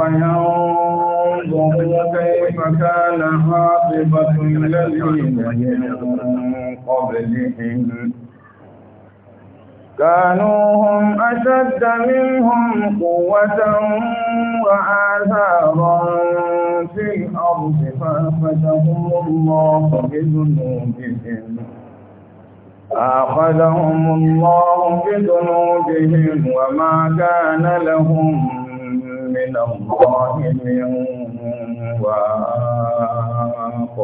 فينظر كيف كان عاقبة الذين من قبلهم كانوا هم أشد منهم قوة وآثارا في الأرض فأخذهم الله بذنوبهم أخذهم الله بذنوبهم وما كان لهم من الله من واق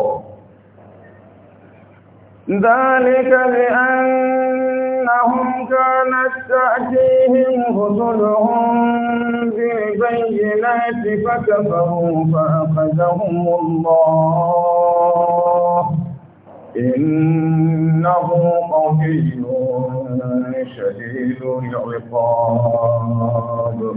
ذلك بأنهم كانت تأتيهم رسلهم بالبينات فكفروا فأخذهم الله إنه قوي شديد العقاب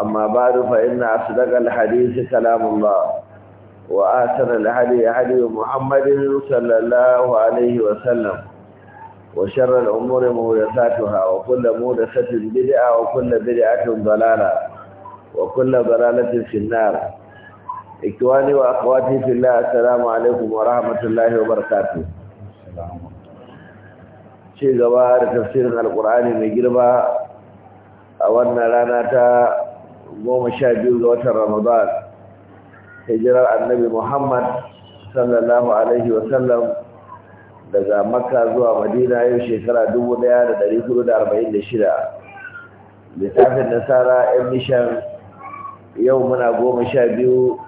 أما بعد فإن أصدق الحديث كلام الله وآثر الحدي حدي محمد صلى الله عليه وسلم وشر الأمور مهدساتها وكل مهدسة بدعة وكل بدعة ضلالة وكل ضلالة في النار إخواني وأخواتي في الله السلام عليكم ورحمة الله وبركاته شيء غبار تفسير القرآن من جربة أولنا لنا rana goma sha biyu ga watan ramadan hijirar annabi muhammad sallallahu alaihi wasallam daga makka zuwa madina yau shekara dubu ɗaya da dari hudu da arba'in da shida littafin nasara yan mishan yau muna goma sha biyu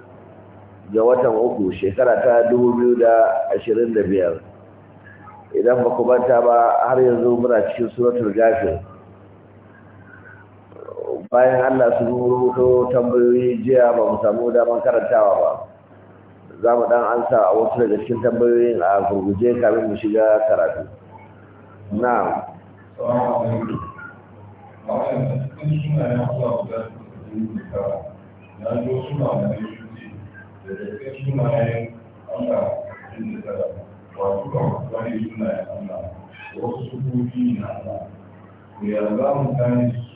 ga watan uku shekara ta dubu biyu da ashirin da biyar idan ba ku manta ba har yanzu muna cikin suratul gafir bayan Allah su rubuto tambayoyi jiya ba mu samu damar karantawa ba za mu dan ansa a wasu daga cikin tambayoyin a gurguje kamin mu shiga karatu na wasu kuma sukuki na Allah, wasu kuma ya za mu gane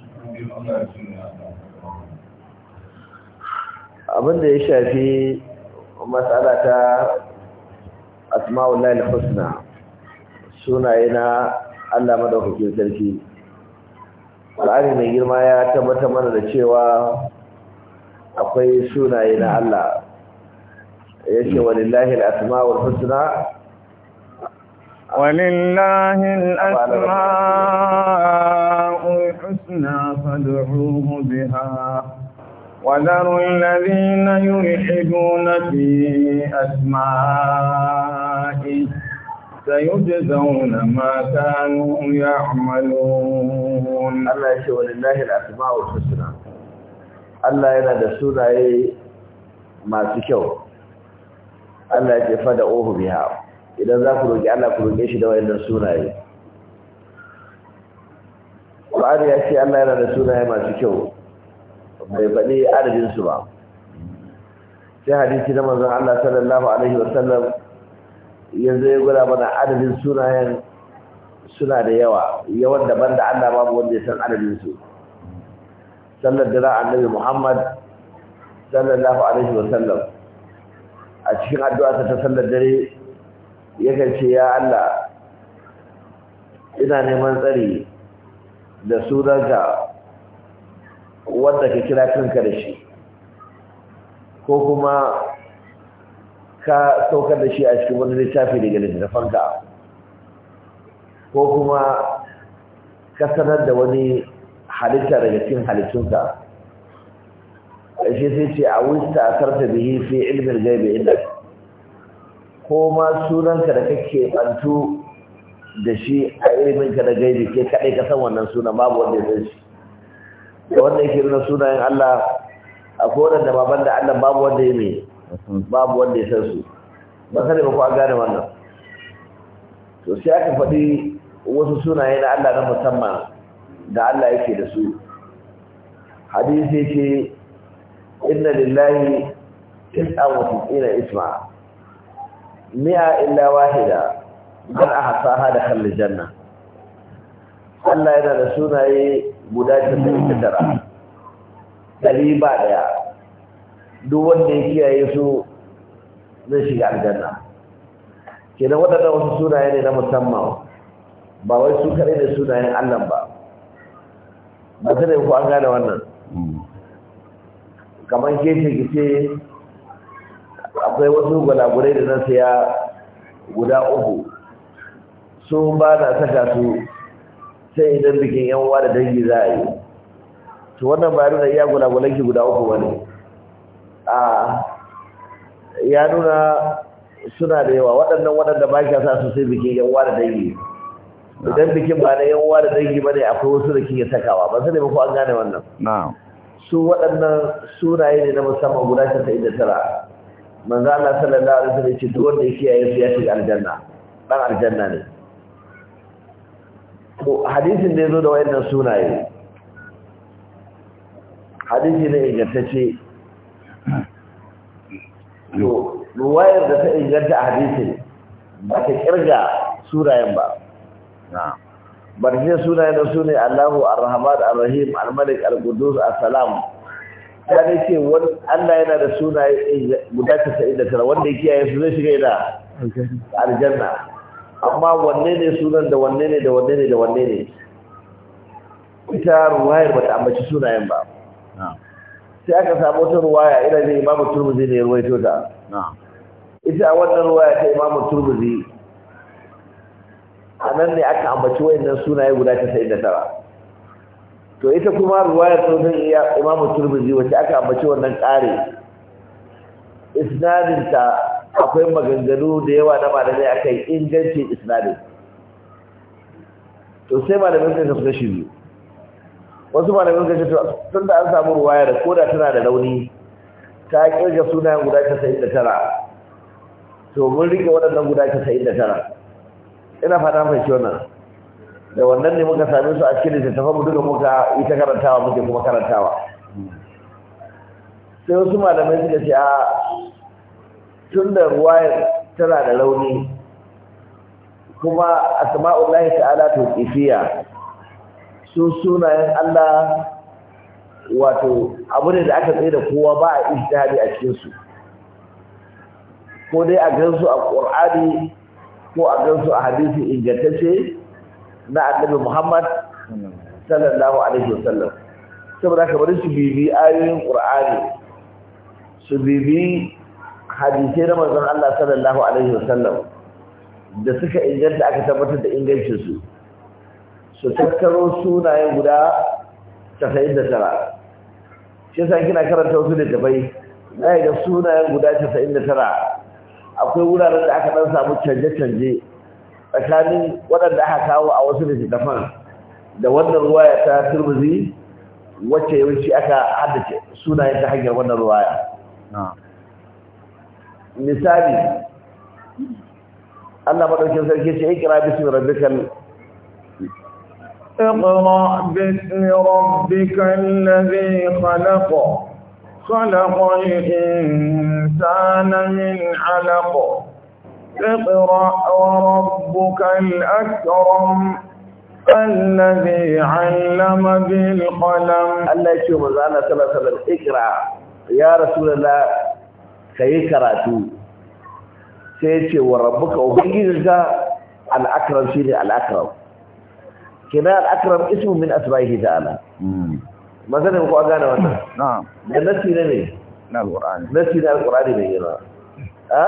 Abin da ya shafi matsala ta asma'ul al-husna sunaye na Allah madaukakin sarki Qur'ani mai girma ya tabbata mana da cewa akwai sunaye na Allah yace walillahi al-asma'ul husna walillahi al-asma'ul الحسنى فادعوه بها وذروا الذين يلحدون في أسمائه سيجزون ما كانوا يعملون الله يشهد لله الأسماء الحسنى Allah yana da sunaye masu kyau Allah ya ce fada ohu biha idan za ku roƙi Allah ku roƙe shi da wayannan sunaye ƙwari ya ce Allah yana da sunaye masu kyau bai faɗi adadinsu ba sai hadisi na manzon Allah sallallahu alaihi wasallam yanzu ya gwada mana adadin sunayen suna da yawa yawan daban da Allah babu wanda ya san adadinsu sallar da annabi Muhammad sallallahu alaihi wasallam a cikin addu'a ta sallar dare yakan ce ya Allah ina neman tsari da sunanka wanda ka kira kanka da shi ko kuma ka saukar da shi a cikin wani littafi daga littafanka ko kuma ka sanar da wani halitta daga cikin halittunka shi sai ce a wista a karta bihi fi ilmin gaibe inda ko ma sunanka da kake bantu da shi a ilimin ka da gaibi ke kaɗai ka san wannan suna babu wanda ya san shi da wanda yake nuna sunayen Allah a koran da baban da Allah babu wanda ya mai babu wanda ya san su ba sani ba ko an gane wannan to sai aka faɗi wasu sunaye na Allah na musamman da Allah yake da su hadisi ce, inna lillahi tis'a wa tis'ina isma mi'a illa wahida a hasaha da kallin janna Allah yana da sunaye guda 99 dari ba daya duk wanda ya kiyaye su zai shiga aljanna kenan waɗannan wasu sunaye ne na musamman ba wai su kaɗai da sunayen Allah ba ba ta ku an gane wannan kamar kece gice akwai wasu gwalagurai da na siya guda uku su ba na saka su sai idan bikin yan uwa da dangi za a yi to wannan ba nuna iya gulagulan ki guda uku wani a ya nuna suna da yawa waɗannan waɗanda ba ka sa su sai bikin yan uwa da dangi idan bikin ba na yan uwa da dangi ne, akwai wasu da kike sakawa ba sai ne ko an gane wannan su waɗannan sunaye ne na musamman guda 99 manzo Allah sallallahu alaihi wasallam ya ce duk wanda ya kiyaye su ya shiga aljanna dan aljanna ne ko hadisin da ya zo da wayannan sunaye hadisi ne ingantacce to ruwayar da ta inganta a hadisin ba ta kirga sunayen ba ba ta ce sunayen da su ne allahu arhamad arrahim almalik alkudus assalam ta ne ce allah yana da sunaye guda 99 wanda ya kiyaye su zai shiga ina aljanna amma wanne ne sunan da wanne ne da wanne ne da wanne ne ita ruwayar bata ambaci sunayen ba sai aka samu wata ruwaya ina zai imamu turbuzi ne ruwaito ta ita a wannan ruwaya ta imamu turbuzi a nan ne aka ambaci wayannan sunaye guda sai da tara to ita kuma ruwayar sautin imamu turbuzi wacce aka ambaci wannan ƙare isnadinta akwai maganganu da yawa na malamai kai ingancin isnadin to sai malamai suka kasu kashi biyu wasu malamai suka ce tun da an samu ruwayar ko da tana da rauni ta kirga sunayen guda 99 to mun rike waɗannan guda 99 ina fata mai kyau nan da wannan ne muka same su a cikin littattafan mu duka muka yi ta karantawa muke kuma karantawa sai wasu malamai suka ce a tun da ruwayar tana da rauni kuma asma'ullahi ta'ala Kifiya su sunayen Allah wato abu ne da aka tsaye da kowa ba a ijtihadi a cikin ko dai a gansu a Qur'ani ko a gansu a hadisi ingantacce na Annabi Muhammad sallallahu alaihi wasallam saboda ka bari su bibi ayoyin Qur'ani su bibi hadisai na manzon Allah sallallahu alaihi wasallam da suka inganta aka tabbatar da ingancin su su tattaro sunayen guda 99 shi yasa kina karanta wasu da dabai zai ga sunayen guda 99 akwai wuraren da aka dan samu canje-canje tsakanin waɗanda aka kawo a wasu littattafan da wannan ruwaya ta turbuzi wacce yawanci aka haddace sunayen ta hanyar wannan ruwaya misali Allah madaukin sarki ce ikra bismi rabbikal اقرأ باسم ربك الذي خلق خلق الإنسان من علق اقرأ وربك الأكرم الذي علم بالقلم الله يشوف هذا صلى الله عليه اقرأ يا رسول الله ka yi karatu sai ce wa rabbuka ubangijinka al'akram shi ne al'akram kina al'akram ismu min asma'ihi ta'ala masanin hmm. ko gane wannan na'am da nasi ne ne na alqur'ani nasi ne alqur'ani ne yana ha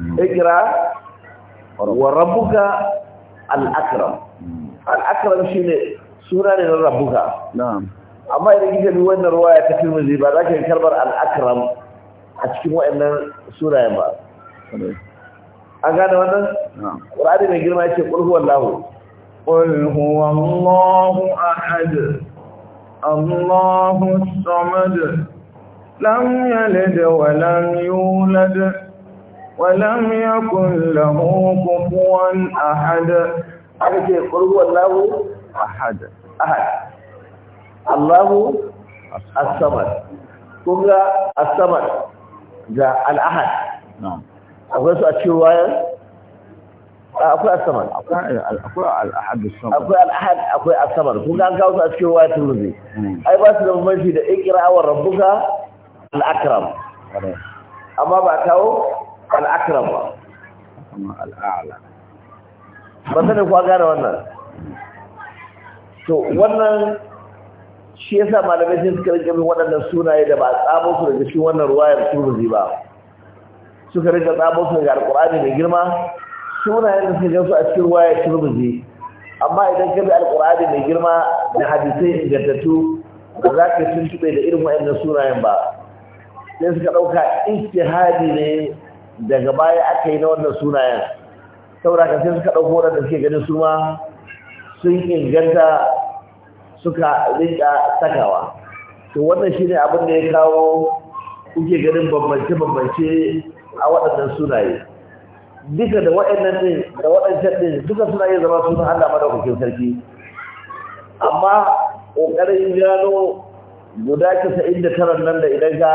hmm. ikra wa rabbuka al'akram hmm. al'akram shi ne suna ne na rabbuka amma idan kika bi ruwa ya tafi tirmidhi ba za ka karbar al'akram a cikin waɗannan sunayen ba an gane wannan ƙur'ani mai girma ya ce lahu ƙulhuwan lahu a ahad Allahu samadu lam yalid wa lam yulad wa lamya kun lahu kufuwan ahad aka ce ƙul huwallahu a ahad Allahu a samadu kunga a samadu ga al'ahad akwai su a cewa akwai asabar akwai al'ahad akwai al'ahad akwai asabar kun an kawo su a cikin tun turzi hmm. ai ba su da mafi da ikira wa rabbuka al'akram amma ba kawo al'akram ba al'a'la ba sanin kwa gane wannan to wannan shi ya sa malamai sun suka rike bin waɗannan sunaye da ba a tsamo su daga shi wannan ruwayar turuzi ba suka rika tsamo su daga alƙur'ani mai girma sunayen da suka gansu a cikin ruwa ya turuzi amma idan ka bi alƙur'ani mai girma da hadisai ingantattu ba za ka sun da irin waɗannan sunayen ba sai suka ɗauka ijtihadi ne daga baya aka yi na wannan sunayen saboda ka sai suka ɗauko waɗanda suke ganin su sun inganta suka rinka sakawa to wannan shine abin da ya kawo kuke ganin bambance-bambance a waɗannan sunaye duka da waɗannan ɗin da waɗancan ɗin duka suna iya zama sunan Allah madaukakin sarki amma ƙoƙarin gano guda casa'in da taron nan da idan ka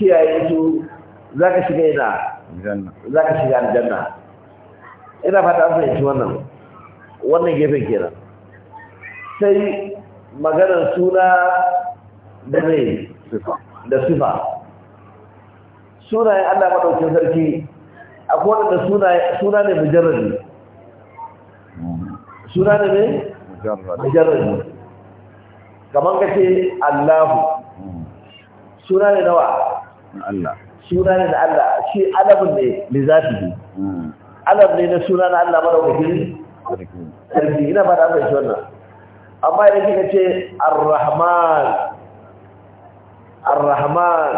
kiyaye su za ka shiga ina za ka shiga aljanna ina fata an fahimci wannan wannan gefen kenan sai maganar suna da zai da sifa sunayen Allah maɗaukin sarki akwai da suna ne mujarrabi suna ne ne mujarrabi kamar ka ce Allahu suna ne nawa Allah suna ne na Allah shi alamun ne lizafi hmm. alam ne na suna na Allah maɗaukakin sarki ina ba da aka yi wannan amma idan kika ce ar-rahman ar-rahman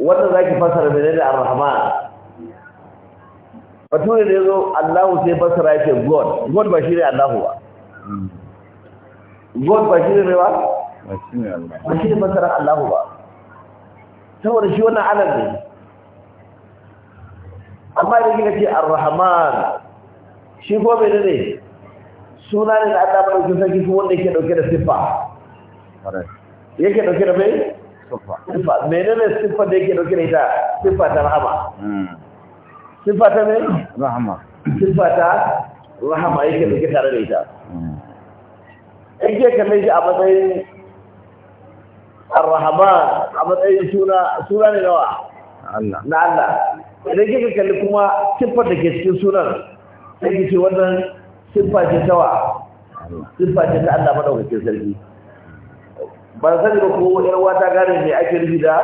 wannan zaki fasara menene ar-rahman bature da ya zo sai basara yake God God ba shi ne Allahu ba God ba shi ne ba ba shi ne fasara Allahu ba saboda shi wannan alam ne amma idan kika ce Ar-Rahman shi ko menene ne suna ne da Allah madaukin sarki su wanda yake dauke da siffa yake dauke da mai siffa ne siffa da yake dauke da ita siffa ta rahama hmm. siffa ta mai rahama siffa ta rahama yake dauke tare da ita hmm. in ke kalle shi a matsayin ar-rahman a matsayin suna suna ne nawa na Allah idan kika kalli kuma siffar da ke cikin sunan sai ki ce wannan siffa ce tawa siffa ce ta Allah madaukakin sarki ban sani ba ko yar wata gane me ake rubi da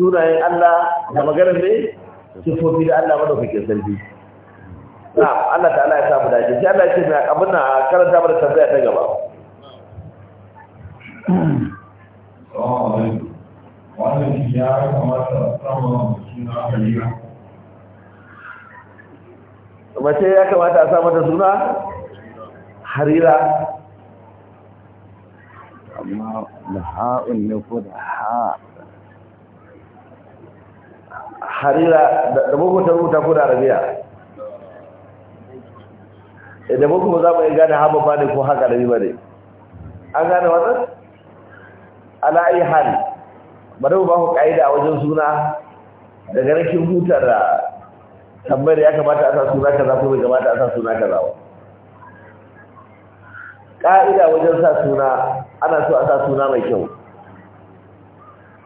sunayen Allah da maganar ne siffofi da Allah madaukakin sarki na Allah ta'ala ya samu dace sai Allah ya ce mai abin na karanta mana tambaya ta gaba wannan shi ya kamata a samu suna halira mace ya kamata a samu ta suna harira amma da ha'un ne ko da ha harira da bukuta rubuta ko da arabiya eh, da bukuta za mu iya gane haɓa ba ne ko haka da ba ne an gane wannan yi hali ba da ba ku ƙa'ida a wajen suna daga rikin hutar da tambayar ya kamata a sa suna kaza ko bai kamata a sa suna kaza ba ƙa'ida wajen sa suna ana so a sa suna mai kyau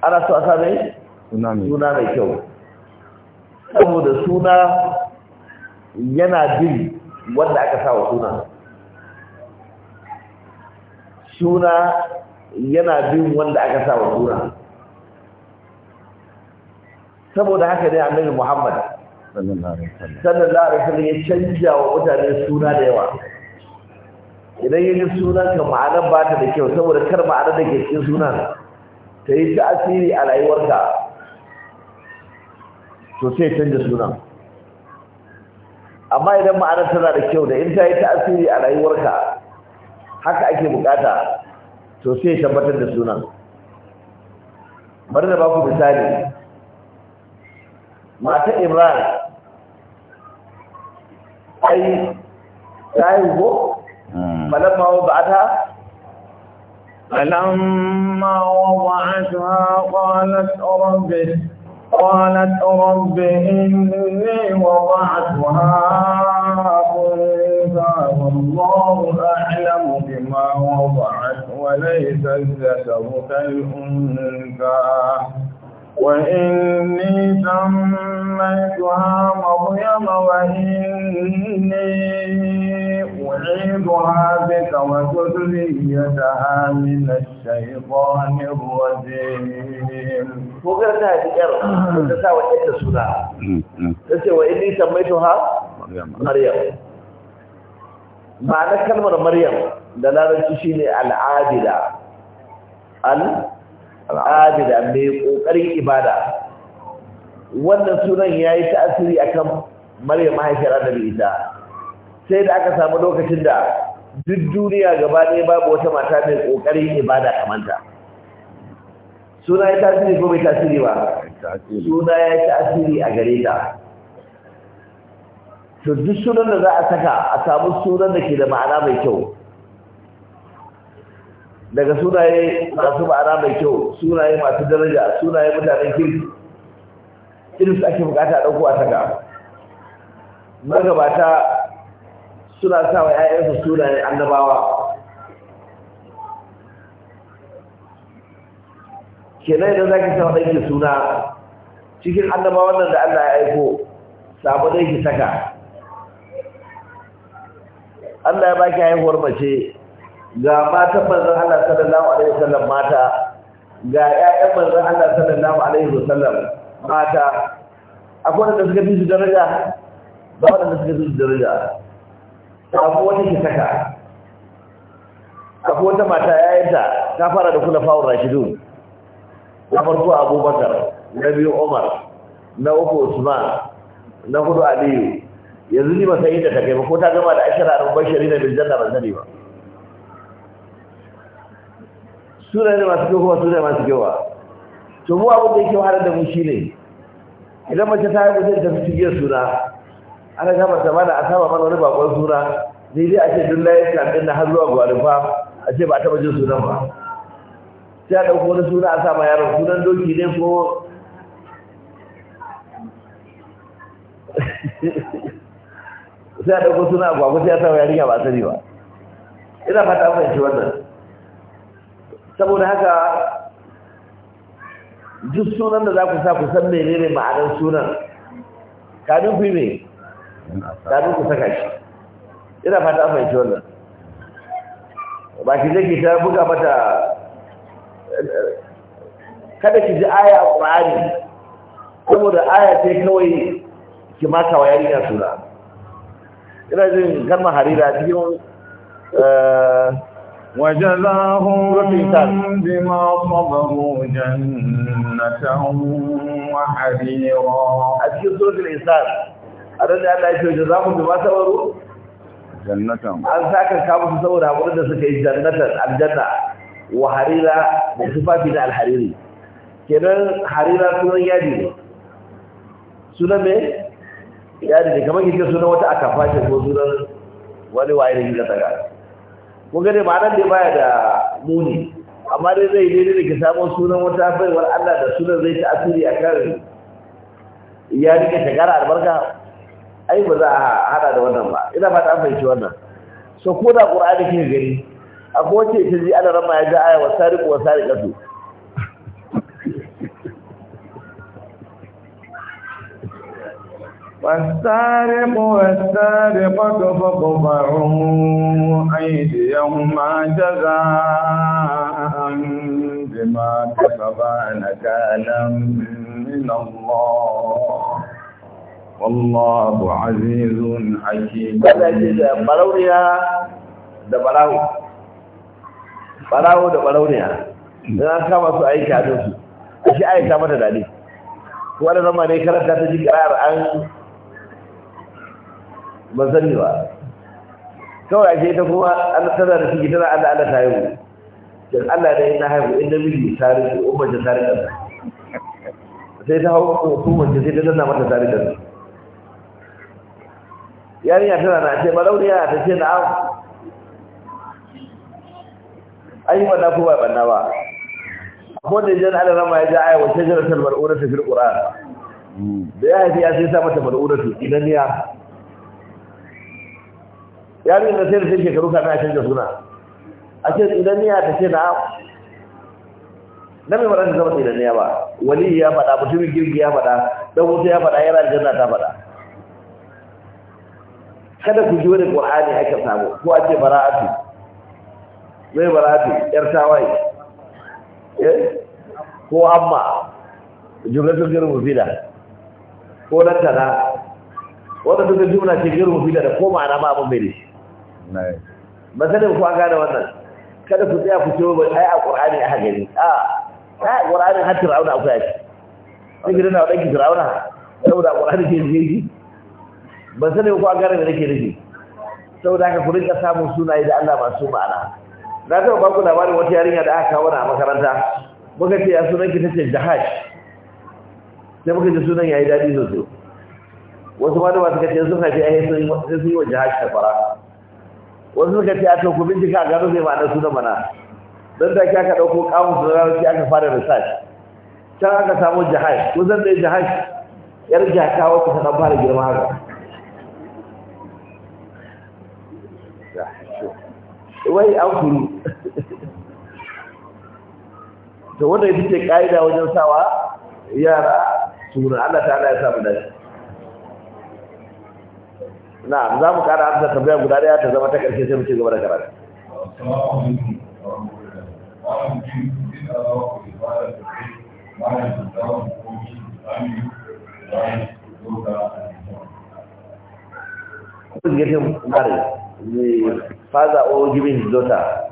ana so a sa mai suna mai kyau saboda suna yana bin wanda aka sa wa suna suna yana bin wanda aka sa wa suna saboda haka ne annabi Muhammad sannan alaihi ya canja wa mutane suna da yawa idan yi yi suna ka ma'anar ba ta da kyau saboda kar ma'anar da ke cikin sunan ta yi ta'asiri a rayuwarka to sai canza sunan amma idan ma'anar tana da kyau da in ta yi ta'asiri a rayuwarka haka ake bukata to sai tabbatar da suna bari da baku misali mata imran ai ta yi go فلما وضعتها فلما وضعتها قالت ربي قالت ربي إني وضعتها أنثى والله أعلم بما وضعت وليس الذكر كالأنثى وإني سميتها مريم وإني أعيدها بك وذريتها من الشيطان الرجيم وقرأتها بكر وقرأتها وإنت سورة وإني سميتها مريم معنى كلمة مريم دلالة شيء العادلة al’adida mai ƙoƙarin ibada wannan sunan ya yi ta'asiri a kan maryam mahaifiyar annabi ita sai da aka samu lokacin da duk duniya gaba ɗaya babu wata mata mai ƙoƙarin ibada kamanta suna ya tasiri ko bai tasiri ba suna ya tasiri a gare ta to duk sunan da za a saka a samu sunan da ke da ma'ana mai kyau daga sunaye masu ma'ana mai kyau sunaye masu daraja sunaye mutanen kirki irin su ake bukata ɗauko a taga magabata suna sa wa 'ya'yansu sunayen annabawa kenan idan za ki sa ɗanki suna cikin annabawan nan da Allah ya aiko samu ki saka Allah ya baki haihuwar mace ga matan manzon Allah sallallahu alaihi wasallam mata ga ƴaƴan manzon Allah sallallahu alaihi wasallam mata akwai wanda suka fi su daraja ba wanda suka fi su daraja akwai wata ke saka akwai wata mata yayinta ta fara da kula fawon rashidu. na farko abubakar na biyu umar na uku usman na hudu aliyu yanzu ni ba sai inda ta kai ba ko ta gama da ashirar bashari da biljanna ban sani ba suna ne masu kyau kuma suna masu kyau ba to mu abin da yake wahalar da mu shi ne idan mace ta yi mu zai tafi cikin suna ana gama ta mana a saba mana wani bakon suna daidai a ce dun layin kamfin na har zuwa gwarufa a ce ba a taɓa jin sunan ba sai a ɗauko wani suna a sama yaron sunan doki ne ko sai a ɗauko suna agwagwa sai a sama yarinya ba sani ba ina fata fahimci wannan saboda haka duk sunan da za ku sa ku san mene ne ma'anar sunan kamin ku yi mai kamin ku saka shi ina fata an fahimci wannan ba ki zai ta buga mata kada ki ji aya a ƙwari saboda aya ce kawai ki maka wa yarinya suna ina jin kalmar harira cikin eh, وجزاهم بما صبروا جنة وحريرا أكيد سورة الإنسان أرد أن أشهد جزاهم بما صبروا جنة أن ساكن كابوس صورة أقول لك سكي جنة الجنة وحريرا بصفاتنا الحريري kenan harira sunan yadi ne sunan me yadi ne kamar kike sunan wata akafa ce ko sunan wani waye ne kika saka ko gane nan da baya da muni amma dai zai daidai da ke samun sunan wata faiwar Allah da sunan zai ta asiri a kan ya rike shagara albarka ai ba za a hada da wannan ba ina fata ta fahimci wannan so ko da qur'ani kike gani akwai wacce ta ji ana rama ya ji aya wa sariqu فالسارق والسارقة فاقطعوا أيديهما جزاء بما كسبا نكالا من الله والله عزيز حكيم da barawo barawo da barauniya dan kama su aika da shi aika mata dade ko da zama ne karanta ta ji karar an ban sani ba kawai ake ta kuma an tana da ciki tana Allah Allah ta haihu dan Allah da ina haihu in da miji tare umma ta tare da sai ta hau ko kuma ta sai ta danna mata tare da yarinya tana na ce ya ta ce na'am ayi ba na ko ba banna ba ko da jan Allah rama ya ja ayi wa shajaratul mar'uratu fil qur'an da ya haifi ya sai sa mata mar'uratu ya. yarin da sai da sai shekaru kafin a canza suna a ce tsinaniya ta ce na na mai faɗa ta zama tsinaniya ba wani ya faɗa mutumin girgi ya faɗa don wuce ya faɗa yana aljanna ta faɗa kada ku ji wani qur'ani aka samu ko a ce bara'atu mai bara'atu yar tawaye eh? ko amma jumlatul ghairu mufida ko nan tana wanda duka jumla ce ghairu mufida da ko ma'ana ma abin bai da shi ba sanin kuwa an gane wannan kada ku tsaya ku ce ba ai a qur'ani a gani a ai a qur'ani har fir'auna akwai shi sai gidan wa danki fir'auna saboda qur'ani ke yi? ba sanin kuwa an gane me nake nufi saboda haka ku rinka samun sunaye da Allah masu ma'ana na taɓa ba ku labarin wata yarinya da aka kawo a makaranta muka ce ya sunan ki tace jahaj sai muka ji sunan yayi dadi sosai wasu ma da ba suka ce sun haifi ai eh, sun yi wa jahash ta fara wasu suka ce a to ku bincika a gano zai ma'ana suna mana don da ke aka ɗauko su da shi aka fara research can aka samu jihaj ko zan ɗaya jihaj yar jaka wata ta ɗan fara girma haka wai an kuru to wanda ya ce ƙa'ida wajen sawa yara suna Allah ta ala ya samu dashi na za mu kara amsa tambaya guda daya ta zama ta karshe sai mu ci gaba da karatu kun gefe mare ne faza o giving his daughter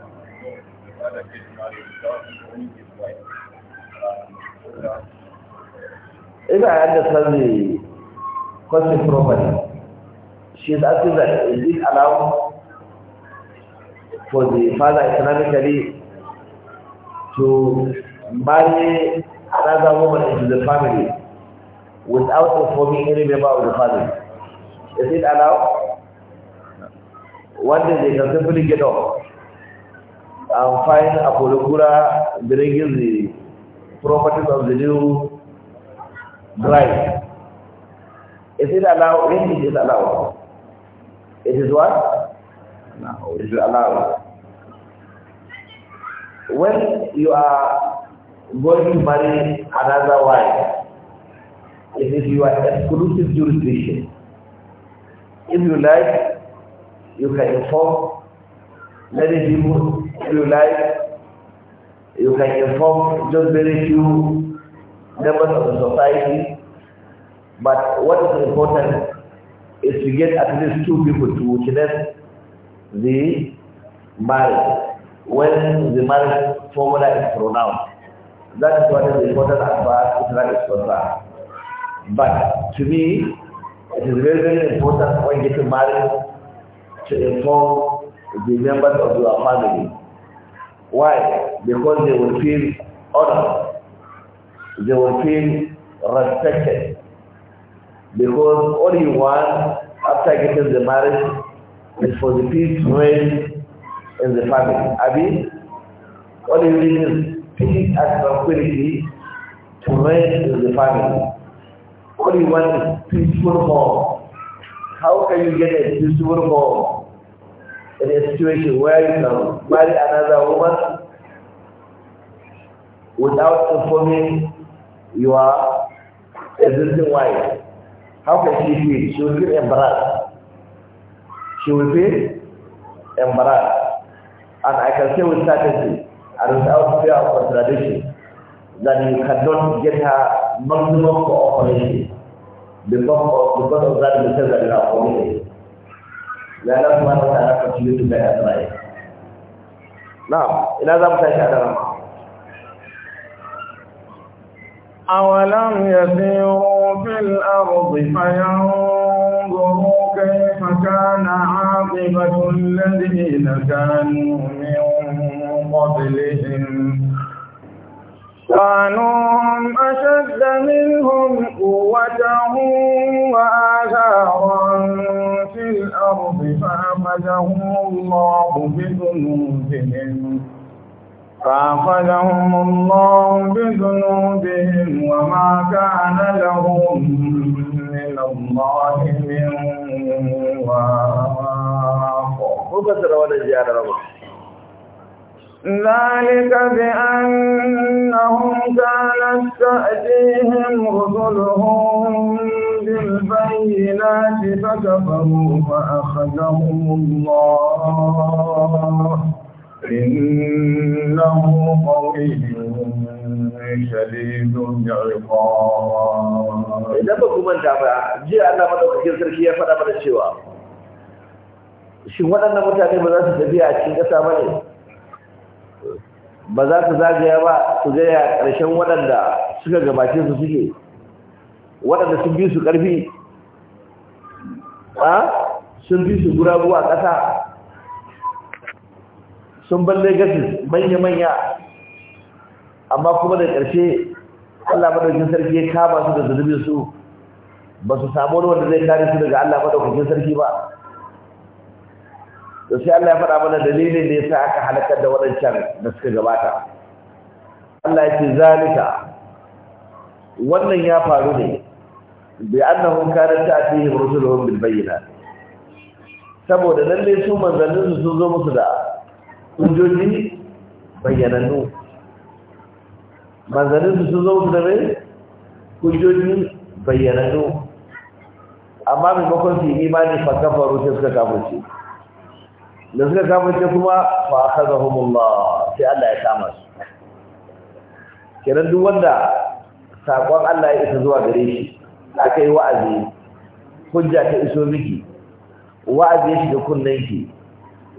Ina yadda understand the property. She is asking that is this allowed for the father economically to marry another woman into the family without informing any member of the family? Is it allowed? One day they can simply get off and find a Apolokura bringing the properties of the new bride. Is it allowed? When is it allowed? It is what? No, it is allowed. When you are going to marry another wife, it is your exclusive jurisdiction. If you like, you can inform many people. If you like, you can inform just very few members of the society. But what is important is to get at least two people to witness the marriage when the marriage formula is pronounced. That is what is important as far as Islam is concerned. But to me, it is very, very important when getting married to inform the members of your family. Why? Because they will feel honored. They will feel respected because all he wants after getting the marriage is for the peace to reign in the family. mean, all he needs is peace and tranquility to reign in the family. All he wants is peaceful home. How can you get a peaceful home in a situation where you can marry another woman without informing your existing wife? How can she feel? She will feel embarrassed. She will feel embarrassed. And I can say with certainty and without fear of contradiction that you cannot get her maximum cooperation because of, because of that mistake that you have committed. May Allah subhanahu wa ta'ala continue to guide us right. Now, in other places, أولم يسيروا في الأرض فينظروا كيف كان عاقبة الذين كانوا من قبلهم كانوا هم أشد منهم قوة وآثارا في الأرض فأخذهم الله بذنوبهم فأخذهم الله بذنوبهم وما كان لهم من الله من واق ذلك بأنهم كانت تأتيهم رسلهم بالبينات فكفروا فأخذهم الله إن إنه قوي شديد العقاب idan ba kuma da ba jiya Allah madaukakin sarki ya faɗa mana cewa shin waɗannan mutane ba za su tafi a cikin ƙasa ba ne ba za su zagaya ba su gaya ƙarshen waɗanda suka gabace su suke waɗanda sun bi su ƙarfi sun bi su gurabu a ƙasa sun ban gasi manya-manya amma kuma da ƙarshe Allah madaukin sarki ya kama su da zunubin su ba su samu wani wanda zai kare su daga Allah madaukin sarki ba to sai Allah ya faɗa mana dalilin da sa aka halakar da waɗancan da suka gabata Allah ya ce zalika wannan ya faru ne bi annahum kana ta'tihi rusuluhum bil bayyinat saboda lalle su manzannin su sun zo musu da hujjoji bayyanannu Manzaninsu sun zo da rai hujjoji bayyanannu amma mai su yi imani fakafa rushe suka kafurce da suka kafurce kuma fa aka zahumullah sai Allah ya kama su kenan duk wanda sakon Allah ya isa zuwa gare shi aka yi wa'azi hujja ta iso miki wa'azi ya shiga kunnen ki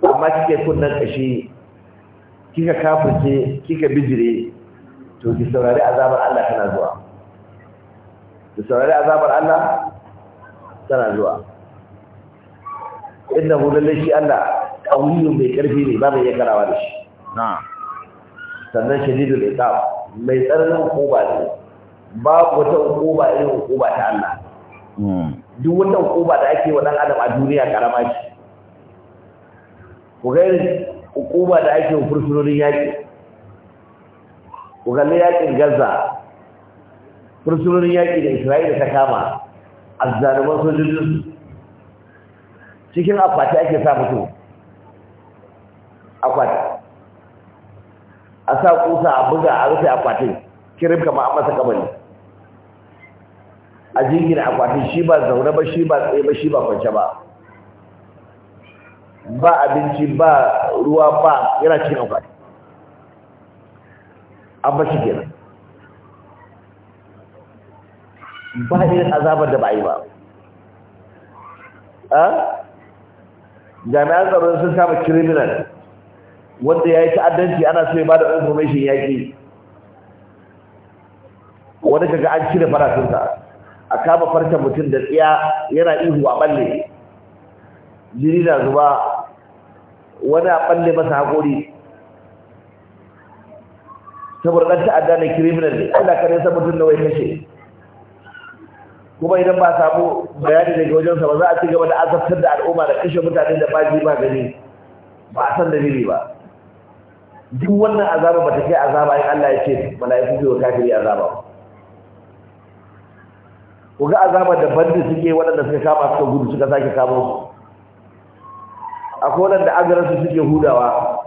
amma kike kunnan kashi kika kafirce kika bijire to ki saurari azabar Allah tana zuwa ki saurari azabar Allah tana zuwa innahu lillahi Allah qawiyun bai karfi ne ba mai yakarawa da shi na sannan shadidul iqab mai tsananin hukuma ne babu wata hukuma irin hukuma ta Allah hmm. duk wata hukuma da ake wa dan adam a duniya karama ce ku ga irin hukuma da ake wa fursunonin yaƙi ku kalli yaƙin gaza fursunonin yaƙi da isra'ila ta kama a zaluman sojojin cikin akwati ake sa mutum akwati a sa kusa a buga a rufe akwatin kirim kama a masa a jingina akwatin shi ba zaune ba shi ba tsaye ba shi ba kwance ba ba abinci ba ruwa ba yana cikin amfani an shi kenan ba irin azabar da ba yi ba ah? jami'an tsaron sun kama criminal wanda ya yi ta'addanci ana so ya ba da information yaƙi wani kaga an cire faratunsa a kama farcen mutum da tsiya yana ihu a balle jini na zuba wani a ɓalle masa haƙori saboda ɗan ta'adda ne criminal ne Allah kare sa mutum da wai kashe kuma idan ba samu bayani daga wajensa ba za a ci gaba da azabtar da al'umma da kashe mutane da baji ba gani ba a san dalili ba duk wannan azaba ba ta kai azaba in Allah ya ce mala'iku bai wa kafiri azaba ba ku ga azaba da bandi suke waɗanda suka kama suka gudu suka sake kamo su akwai wadanda su suke hudawa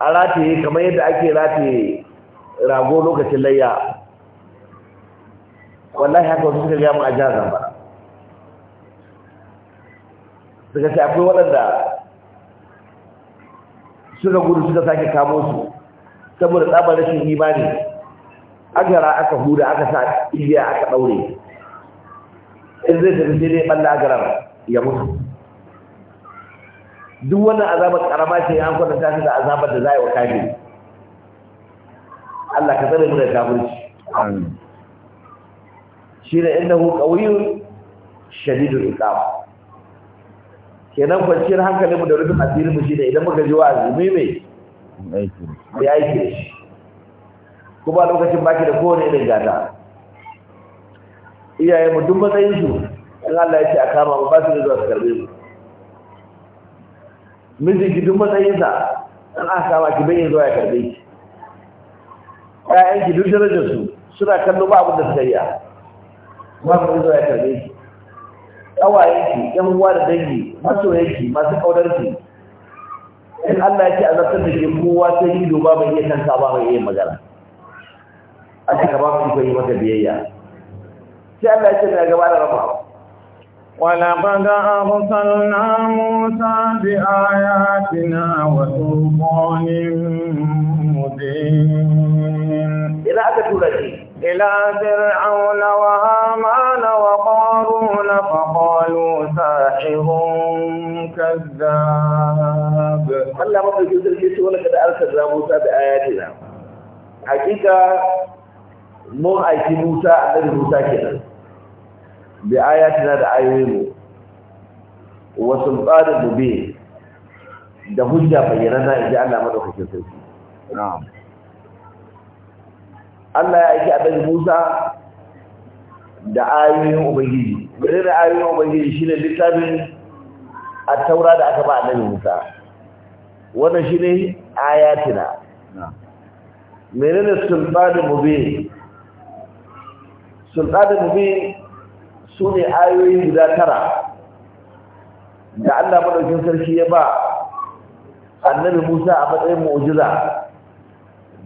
a rataye kamar yadda ake rataye rago lokacin layya wallahi haka wasu suka gama a jihar ba suka ce akwai waɗanda suka gudu suka sake kamo su saboda tsabar rashin imani agara aka huda aka sa igiya aka ɗaure in zai tafi sai dai balla agarar ya mutu duk wannan azabar karama ce an kwatanta shi da azabar da za a yi wa kafiri Allah ka tsare mu da kafirci shi ne hu qawiyyun shadidul iqab kenan kwanciyar hankalin mu da rufin asirin mu shi ne idan muka ji wa'azi mai mai mai aiki ke shi kuma lokacin baki da kowane irin gata iyayen mu duk matsayin su in Allah ya ce a kama mu ba su zuwa su karbe mu miji gidun matsayinsa an aka kama ki bayin zuwa ya karbe ki ƴaƴan duk darajar su suna kallo ba abin da suka yi ba mu zuwa ya karbe ki ƙawayenki ƴan uwa da dangi masoyanki, masu ƙaunarki in Allah ya ce a zartar da ke kowa sai yi doba mai iya kanka ba mai iya magana a cikin ba su yi maka biyayya sai Allah ya ce na gaba da rafa ولقد أرسلنا موسى بآياتنا وسلطان مبين إلى إلى فرعون وهامان وقارون فقالوا ساحر كذاب الله ما في جزء الجيش ولقد أرسلنا موسى بآياتنا حقيقة مو أيتي موسى النبي موسى كذا bi ayatina da mu wa sultanin mubin da hujja da inji Allah madaukakin sarki na'am Allah ya aiki abin Musa da ayoyin ubangiji menene ayoyin ubangiji shine littafin at-taura da aka ba annabi Musa wannan shine ayatina na'am menene sultanin mubin sultanin mubin su ne ayoyi guda tara da Allah madaukin sarki ya ba annabi Musa a matsayin mu'jiza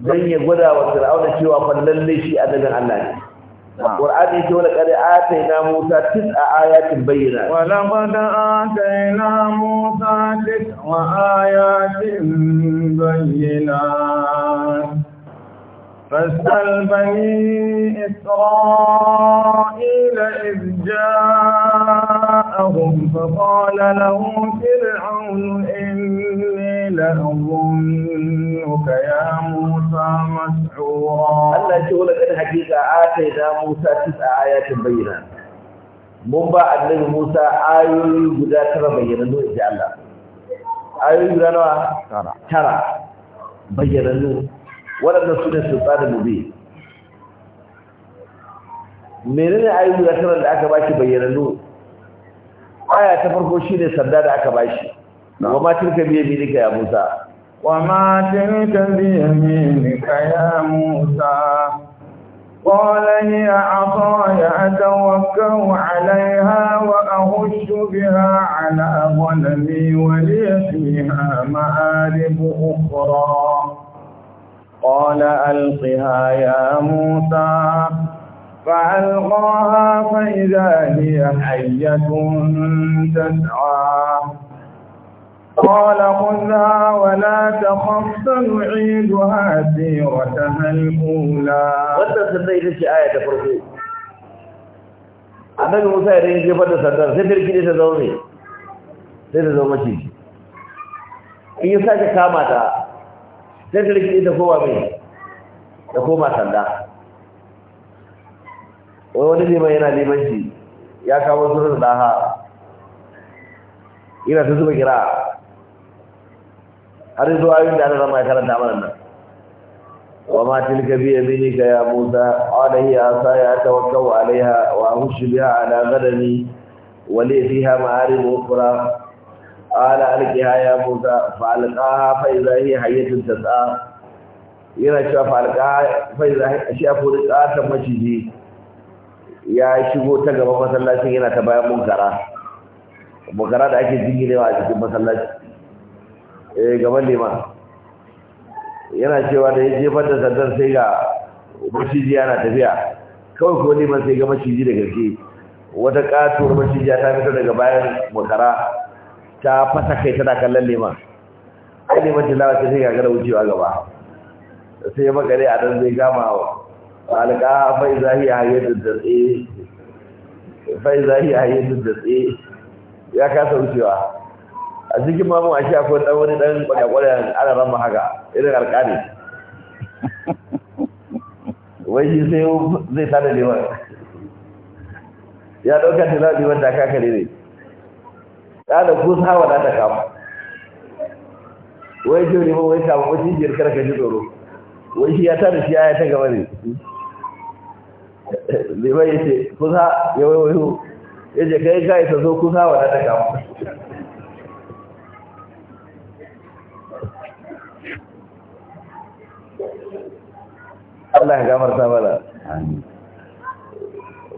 dan ya gwada wa Fir'auna cewa fa lalle shi annabin Allah ne Qur'ani ce wala qad atayna Musa tis'a ayatin bayyinat wa laqad atayna Musa tis'a ayatin bayyinat فاسأل بني إسرائيل إذ جاءهم فقال له فرعون إني لأظنك يا موسى مسحورا الله يقول لك أنها آتي إذا موسى تسع آيات بينا مبا أدنى موسى آيو جزاة بينا دو إجعال الله آيو جزاة بينا دو إجعال waɗannan su ne sultanin mubi menene ayyuka ya tarar da aka bashi bayyananu aya ta farko shine sanda da aka bashi wa ma tilka bi ka ya Musa wa ma tilka bi ka ya Musa قال هي عصاي أتوكأ عليها وأهش بها على ظلمي ولي فيها مآرب أخرى قال ألقها يا موسى فألقاها فإذا هي حية تسعى قال خذها ولا تخف سنعيدها سيرتها الأولى وتسميت آية فرقية annabi musa ya rinje fata sandar sai firgide ta zaune sai ta zama ce in ya sake kama ta sai ta rikini ta kowa mai ta koma sanda wani wani neman yana neman shi ya kawo sunan da ha ina ta zuba kira har yanzu ayoyin da ana zama ya karanta mana nan wa ma tilka mini ka ya musa alayhi asa ya ta tawakkau alaiha wa hushbiha ala gadani wa li fiha ma'arib ukhra قال ألقها يا موسى فألقاها فإذا هي حية تسعى yana cewa falka fai shi ya furi ƙaton maciji ya shigo ta gaban masallacin yana ta bayan munkara munkara da ake jinginewa a cikin masallaci eh gaban lema yana cewa da ya jefar da sandar sai ga maciji yana tafiya kawai ko neman sai ga maciji da gaske wata katuwar macijiya ta fito daga bayan makara ta fasa kai tana kallon liman ai liman tilawa ta sai gagara wucewa gaba sai makare a dan zai gama wa alƙa fai zahi a hayyar fai zahi a hayyar daddatse ya kasa wucewa a cikin mamu a shi wani ɗan wani ɗan kwakwakwaren ana rama haka irin alƙari wai shi sai zai tada liman ya ɗauka tilawa liman da kakare ne kada kusa wa ta kama wai jori ba wai kama wata jiyar karka ji tsoro wai shi ya da shi ya ta gaba ne liman ya ce kusa ya wai wai ya je kai ka isa so kusa wa ta kama Allah ya ta bala.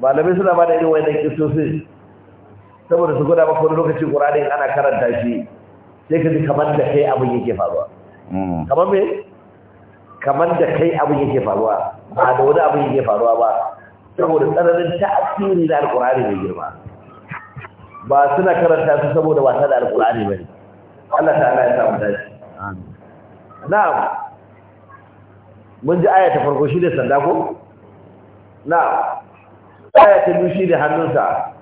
Malamai suna ba da irin wani kisosin saboda su gwada maka wani lokaci ƙuranin ana karanta shi sai ka ji kamar da kai abin yake faruwa hmm. kamar me kamar da kai abin yake faruwa ba da wani abin yake faruwa ba saboda tsananin ta'asiri da alƙurari mai girma ba suna karanta su saboda wasa da alƙurari ba ne Allah ta'ala ya samu dace na'am mun ji aya ta farko shi ne sanda ko na'am aya ta biyu shi ne hannunsa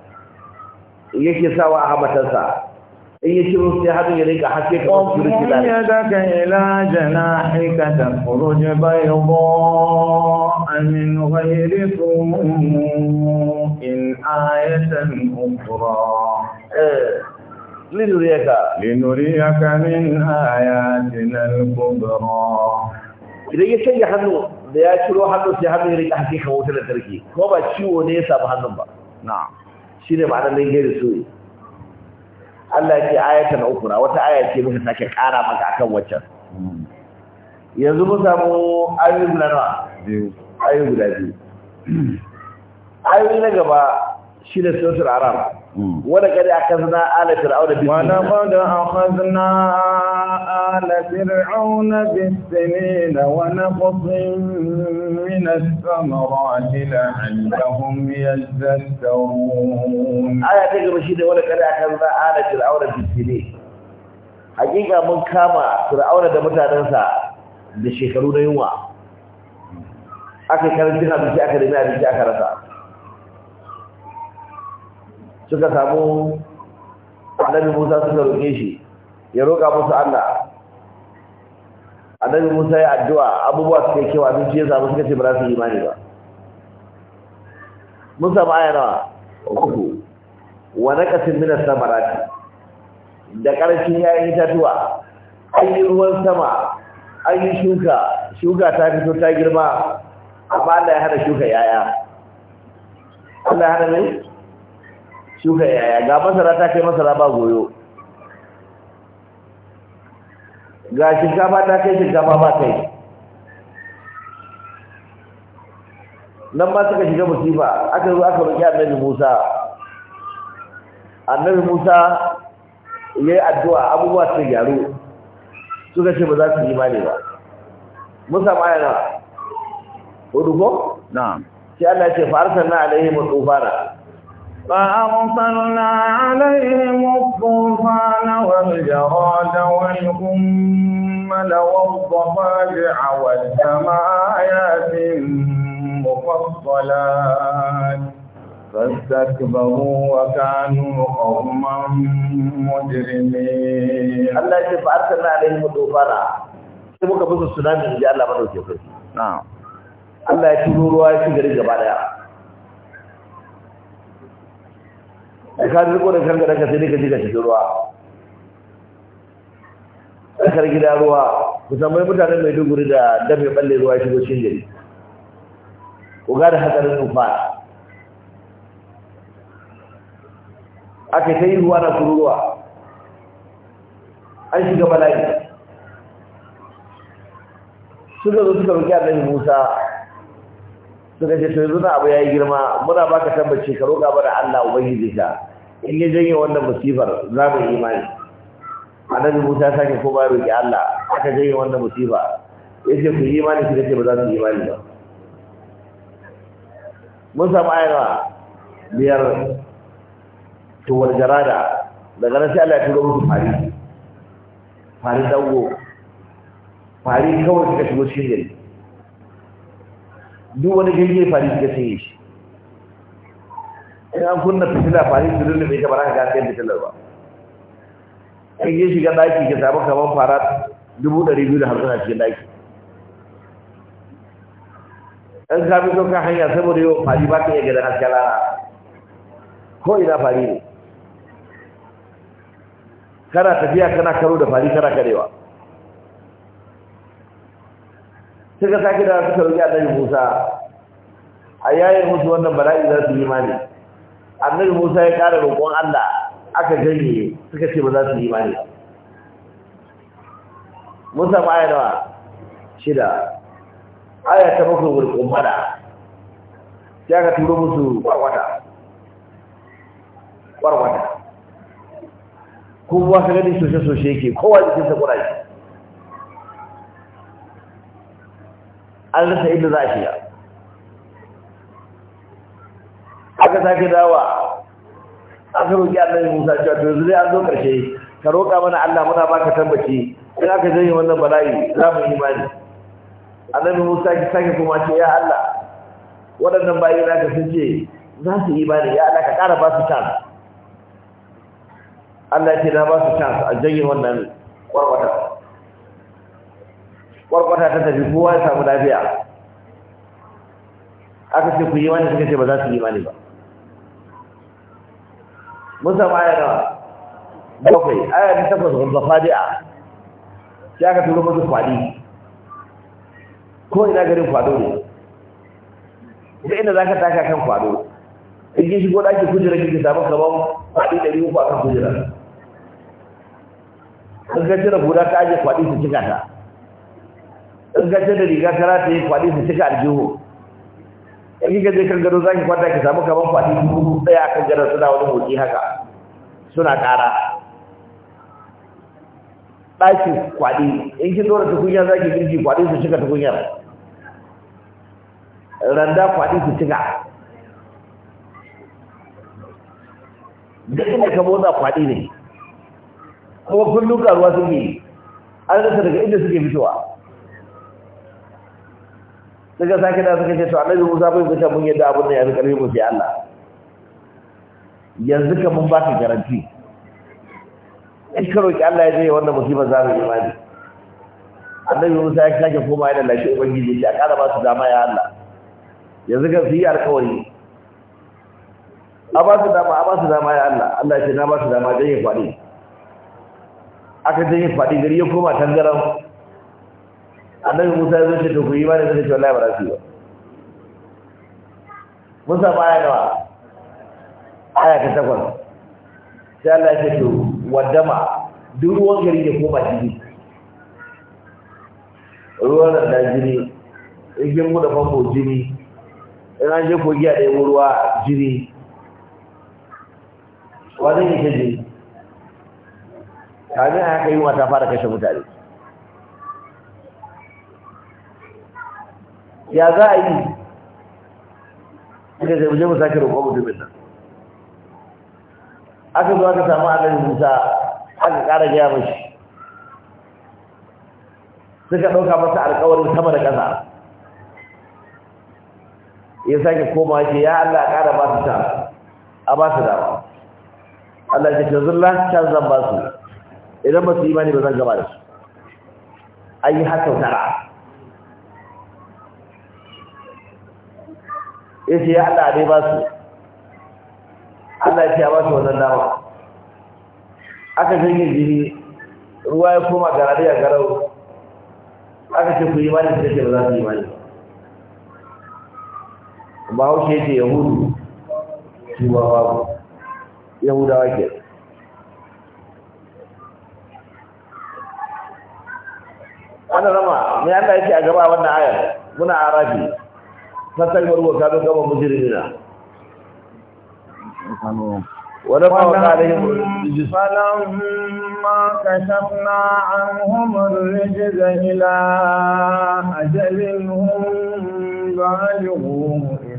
yake sawa a hamatarsa in yi shiru sai hannun ya rika haske ka wasu shirin gida ne. Ƙwafin yadda ila jana'ika ta furuji bai bo amin ghairi in ayatan ukura. لنريك لنريك من آياتنا الكبرى إذا يشيء حنو da ya ciro hannu sai hannu ya rika hakika wutar da tarki ko ba ciwo ne ya samu hannun ba na'am shi ne ma'anar nan gairu soyi Allah ce ayatan ukura wata aya ce muka sake ƙara maka akan waccan yanzu mun samu ayoyi na nawa ayoyi guda biyu ayoyi na gaba shi ne sirrin arab wadda kare aka zana ala fir'auna bisini wadda kare aka zana ala fir'auna bisini da wani kusurin minas samara ilahallahun ya zasta ruhun aya ta gaba shi ne wadda kare aka zana ala hakika mun kama fir'auna da mutanensa da shekaru na yunwa aka yi karantina da shi aka rasa suka samu annabi Musa suka roƙe shi ya roƙa musu Allah annabi Musa ya addu'a abubuwa suka yi kewa abinci ya samu suka ce ba za su yi imani ba mun samu aya nawa uku wa naqatin min as-samarati da ya yayin tatuwa an yi ruwan sama an yi shuka shuka ta fito ta girma amma Allah ya hana shuka yaya Allah ya hana mai shuka yaya ga masara ta kai masara ba goyo ga shinkafa ta kai shinkafa ba kai nan ba suka shiga musifa aka zo aka roƙi annabi musa annabi musa ya yi addu'a abubuwa su gyaru suka ce ba za su yi imani ba musa ma yana hudu ko? Na. sai Allah ce fa alaihi alaihim tufana فأرسلنا عليهم الطوفان والجراد والكمل والضفاجع والدم آيات مفصلات فاستكبروا وكانوا قوما مجرمين الله يشفى أرسلنا عليهم الطوفان sai muka musu tsunami in ji Allah madauke sarki Allah ya turo ruwa ya ci gari gaba daya da ka riko da kan gadanka sai dai ka cikin ruwa tsakar gida ruwa kusan mai mutanen mai duguri da dafe balle ruwa shigo cikin gari ku gada hatsarin tufa aka ta yi ruwa na kururuwa an shiga bala'i suka zo suka roƙi annabi Musa suka ce to yanzu na abu yi girma muna baka tabbaci ka roƙa da Allah ubangiji ka in ya janye wannan musifar za mu yi imani annabi Musa sake ko ba roƙi Allah aka janye wannan musifa ce ku yi imani ne ce ba za su yi imani ba mun samu ayyana biyar tuwar jarada daga nan sai Allah ya turo musu fari fari dango fari kawai suka shigo cikin duk wani jirgin faris ga sai shi in an kunna fitila faris da lullube ka kamar aka ka gasa yin fitilar ba in yi shiga daki ka samu kamar fara dubu ɗari biyu da hamsin a cikin daki in ka bi ka hanya saboda yau fari ba ka iya gada hasken rana ko ina fari ne kana tafiya kana karo da fari kana karewa suka sake da suka a annabi Musa a yayin musu wannan bala'i za su yi imani annabi Musa ya ƙara roƙon Allah aka janye suka ce ba za su yi imani Musa ba ya nawa shida aya ta bakwai wurin mada sai aka turo musu kwarwata kwarwata kuma ka gani soshe-soshe yake kowa jikinsa ƙurashi an rasa inda za a shiga aka sake dawa aka roƙi annabi musa cewa to yanzu dai an zo ƙarshe ka roƙa mana allah muna baka tambaci, in aka janye wannan bala'i za mu imani annabi musa ki sake kuma ce ya allah waɗannan bayi ka sun ce za su imani ya allah ka ƙara ba su chance allah ya ce na ba su chance a janye wannan kwarwata kwakwata ta tafi kowa ya samu lafiya aka ce ku yi wani suka ce ba za su yi mani ba musa ma ya nawa bakwai aya ta takwas wanda fadi'a sai aka turo musu kwadi ko ina garin kwado ne duk inda za ka taka kan kwado in yi shigo ɗaki kujera kike samun kamar kwadi ɗari uku a kan kujera in ka guda ta ajiye kwadi su cika ta gaje ka da riga ka rata yi kwaɗi su cika aljihu in kika je kan gado za ki kwanta ki samu kamar kwaɗi dubu ɗaya a kan gado suna wani motsi haka suna ƙara ɗaki kwaɗi in kin zo da tukunya ki girki kwaɗi su cika tukunyar randa kwaɗi su cika duk inda ka motsa kwaɗi ne kuma kullum ƙaruwa suke an rasa daga inda suke fitowa suka sake da suka ce to annabi Musa bai fita mun yadda abin da ya rika mu sai Allah yanzu ka mun baka garanti in ka roki Allah ya je wannan musiba za mu imani annabi Musa ya sake koma yana lafiya ubangiji ya kada ba su dama ya Allah yanzu ka yi alƙawari a ba su dama a ba su dama ya Allah Allah ya ce na ba su dama dan ya faɗi aka dan ya faɗi gari ya koma tangaran annabi musa ya zo shi to yi ba da zai ce wallahi ba za su yi ba Musa ba ya nawa aya ta takwas sai Allah ya ce to wadama duk ruwan gari ne ko ba jini ruwan da jini igin mu da famfo jini in an je kogi a ɗaya ruwa jini wani ne ke jini kamin a haka yi wata fara kashe mutane ya za a yi ne zai musa kira roƙon mutumin nan aka zo aka samu ɗari musa aka ƙara gaya mashi suka ɗauka masa alƙawarin sama da ƙasa ya sake koma ce ya Allah a ƙara ba su ta a ba su dama Allah ya ce zulla can zan ba su idan ba su imani ba zan gaba da su an yi haka tara ya ce ya Allah ne ba su Allah ya ce ya ba su wannan dama aka jirgin jini ruwa ya koma garari a garau aka ce ku yi mani da ke ba za su yi mani ba haushe ce yahudu su ba ba yahudawa ke wannan rama mai da yake a gaba wannan ayar muna arabi tattar ruwa ta bin gama mujirina wani fawata da yin ruwa falon ma ka shafna an da ila ajalin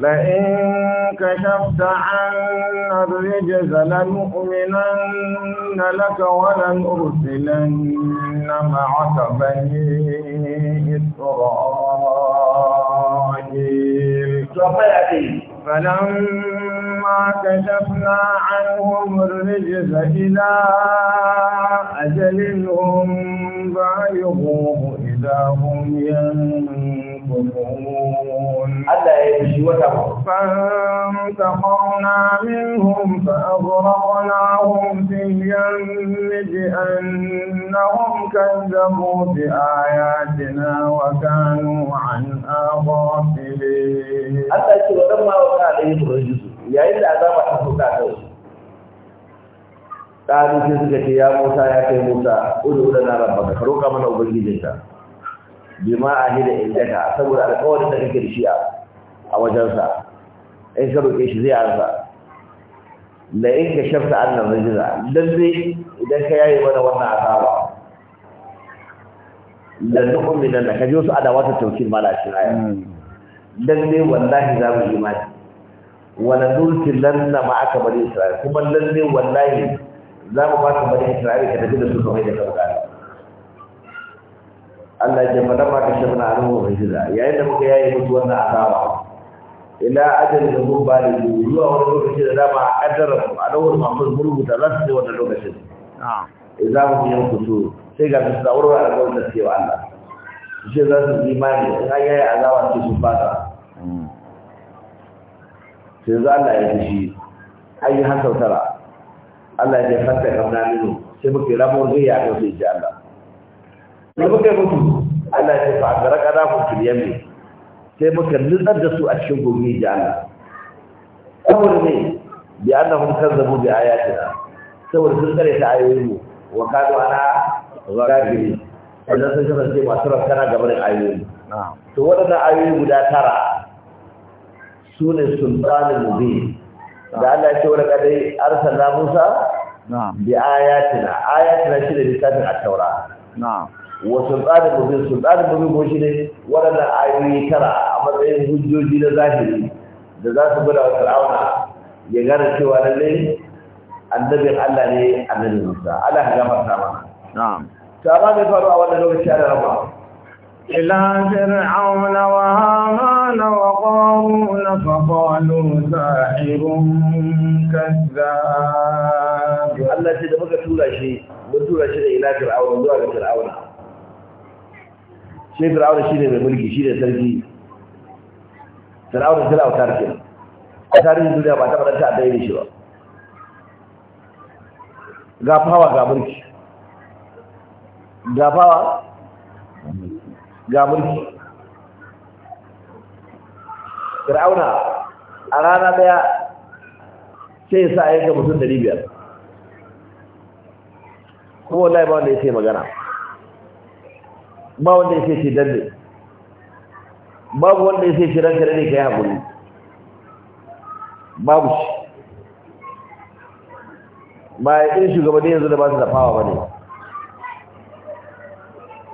لئن كشفت عنا الرجز لنؤمنن لك ولنرسلن معك بني إسرائيل فلما كشفنا عنهم الرجز إلى أجل هم بالغوه إذا هم ينظرون يشركون فانتقمنا منهم فأغرقناهم في اليم بأنهم كذبوا بآياتنا وكانوا عنها غافلين الله يشركون لما وقع عليهم الرجل يا إلا عذاب حفظ ƙalu sai suka ce ya musa ya kai musa udu udu na rabba ka roƙa mana bima ahida indaka saboda alƙawarin da kake da shi a wajensa in ka roƙe shi zai arza la in ka shafta annan rajula lalle idan ka yaye mana wannan azaba la nu'mina laka jo su adawata tawkil malakin aya hmm. lalle wallahi za mu imani wala nurtil lanna ma'aka bani isra'il kuma lalle wallahi za mu ba ka bani isra'il ka tafi da su kamar da ka Allah ya fada ba ka shirna a nan mai da yayin da muka yaye mutu wannan azaba ila ajalin da mun da zuwa wani lokaci da dama a kaddara mu a dawo mafus mun rubuta za su je wannan lokacin idan eh, mu yi kusu sai ga su da urwa da gwamnati da wa Allah shi za su imani in an yaye azaba sai su fada mm. sai za Allah ya fushi ayi hasautara Allah ya fanta kamna minu sai muke rabuwar gayya a kan sai Allah da muka mutu Allah ya ce fa gara ku kiliyan sai muka nutsar da su a cikin gurmi jahannam saboda ne bi annahum kazzabu bi na saboda sun tsare ta ayoyin mu wa kadu ana ghafili idan sun kasance masu rafkana game da ayoyi to waɗannan ayoyi guda tara su ne sultanin mubi da Allah ce wani kadai arsala Musa bi ayatina na shi da littafin at-taura wa sultanin mubin sultanin mubin ko shi ne waɗannan ayoyi tara a matsayin hujjoji na zahiri da za su gwada wa fir'auna ya gane cewa lalle annabin Allah ne annabin Musa Allah ya gama sama. na'am to amma me faru a wannan lokaci a rama ila fir'auna wa hamana wa qaruna fa qalu sahirun kazzab Allah ce da muka tura shi mun tura shi da ila fir'auna zuwa ga fir'auna Sai fir'auna shi ne mai mulki shi ne sarki fir'auna shi wutar ke a tarihin duniya ba taɓa ɗanta a ɗaya shi ba ga fawa ga mulki ga fawa ga mulki fir'auna a rana ɗaya sai sa a yanka mutum 500 kuma wallahi ba wanda ya ce magana ba wanda ya sai ce ne. babu wanda ya sai ce ranka da ne ka yi haƙuri babu shi ba ya ƙin ne yanzu da ba su da ba ne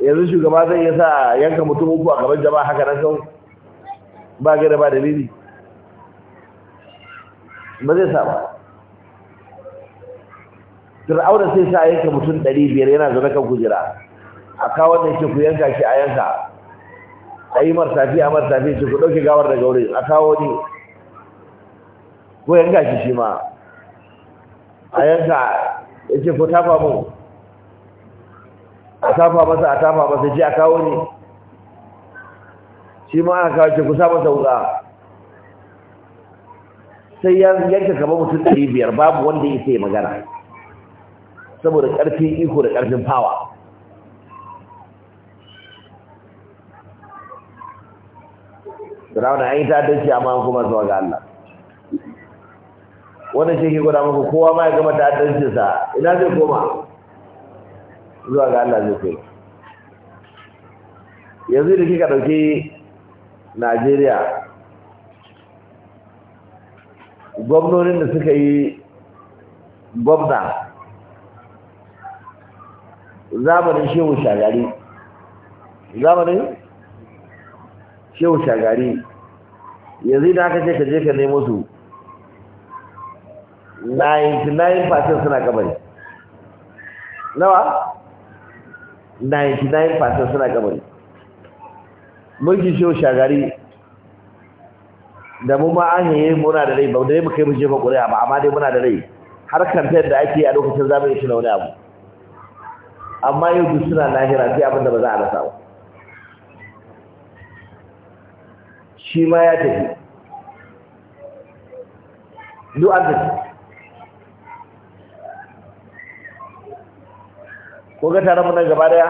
yanzu shugaba zai iya sa yanka mutum uku a gaban jama'a haka nan kawai ba gada ba dalili ba zai sa ba fir'auna sai sa yanka mutum ɗari biyar yana zaune kan kujera a kawo wannan ce ku yanka shi a yanka a yi martafi a martafi ce ku ɗauke gawar daga gauri a kawo ni Ko yanka shi shi ma a yanka ya ce ku tafa mun a tafa masa a tafa masa ce a kawo ni shi ma aka kawo ce ku sa masa wuka sai ya yanka kama mutum ɗari biyar babu wanda ya sai magana saboda ƙarfin iko da ƙarfin fawa Firawuna ai ta dace amma an kuma zuwa ga Allah wanda ce ke gwada muku kowa ma ya gama ta dace sa ina zai koma zuwa ga Allah zai kai yanzu da kika ɗauki Najeriya gwamnonin da suka yi gwamna zamanin shehu shagari zamanin shehu shagari yanzu da aka ce ka je ka nemo su 99% suna kabari nawa 99% suna kabari mulki shehu shagari da mu ma an yaye muna da rai ba da mu kai mu je ba ƙuri'a ba amma dai muna da rai har kamfen da ake a lokacin zamani shi na wani abu amma yau duk suna lahira sai abin da ba za a rasa ba shi ma ya tafi duk an ko ga tare nan gaba daya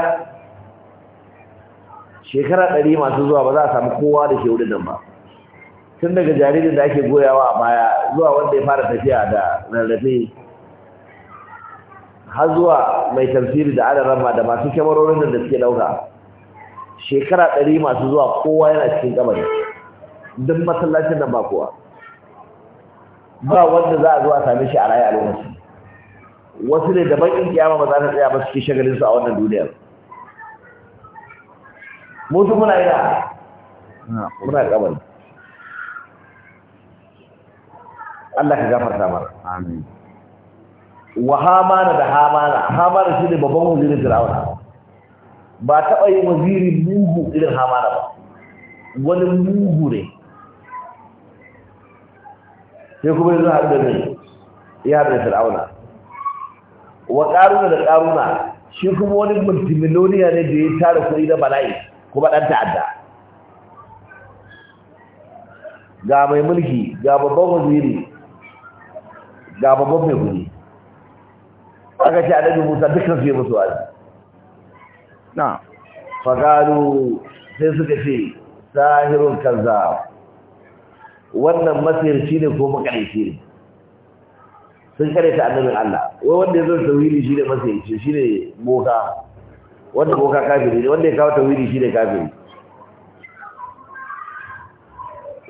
shekara ɗari masu zuwa ba za a samu kowa da ke wurin nan ba tun daga jaririn da ake goyawa a baya zuwa wanda ya fara tafiya da rarrafe har zuwa mai tafsiri da ana rama da masu kyamarorin da suke ɗauka shekara ɗari masu zuwa kowa yana cikin kamar duk masallacin da ba kowa ba wanda za a zo a same shi a raye a wasu ne da bakin kiyama ba za ta tsaya ba suke shagalin su a wannan duniyar mutu muna ina muna kabari Allah ka gafarta ba amin wa hamana da hamana hamana shi ne babban wazirin firawuna ba taɓa yi waziri mugu irin hamana ba wani mugu ne sai kuma yanzu haɗu da mai ya haɗu da fir'auna wa ƙaruna da ƙaruna shi kuma wani multimiloniya ne da ya tara kuɗi na bala'i kuma ɗan ta'adda ga mai mulki ga babban waziri ga babban mai kuɗi aka ce annabi musa dukkan su yi musu wani na fagaru sai suka ce sahirun kazzab wannan shi ne ko makarici ne sun kare ta annabin Allah wai wanda ya zo tawili shi ne masirci shi ne boka wanda boka kafiri ne wanda ya kawo tawili shi ne kafiri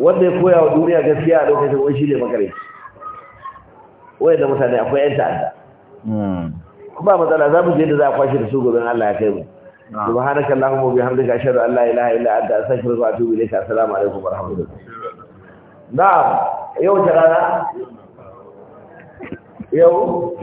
wanda ya koya wa duniya gaskiya a lokacin wai shi ne makarici wai da mutane akwai yan ta'adda kuma matsala za mu je da za a kwashe da su gobe Allah ya kai mu subhanakallahumma wa bihamdika ashhadu an la ilaha illa anta astaghfiruka wa atubu ilayka assalamu alaikum wa rahmatullahi na yau da rana yau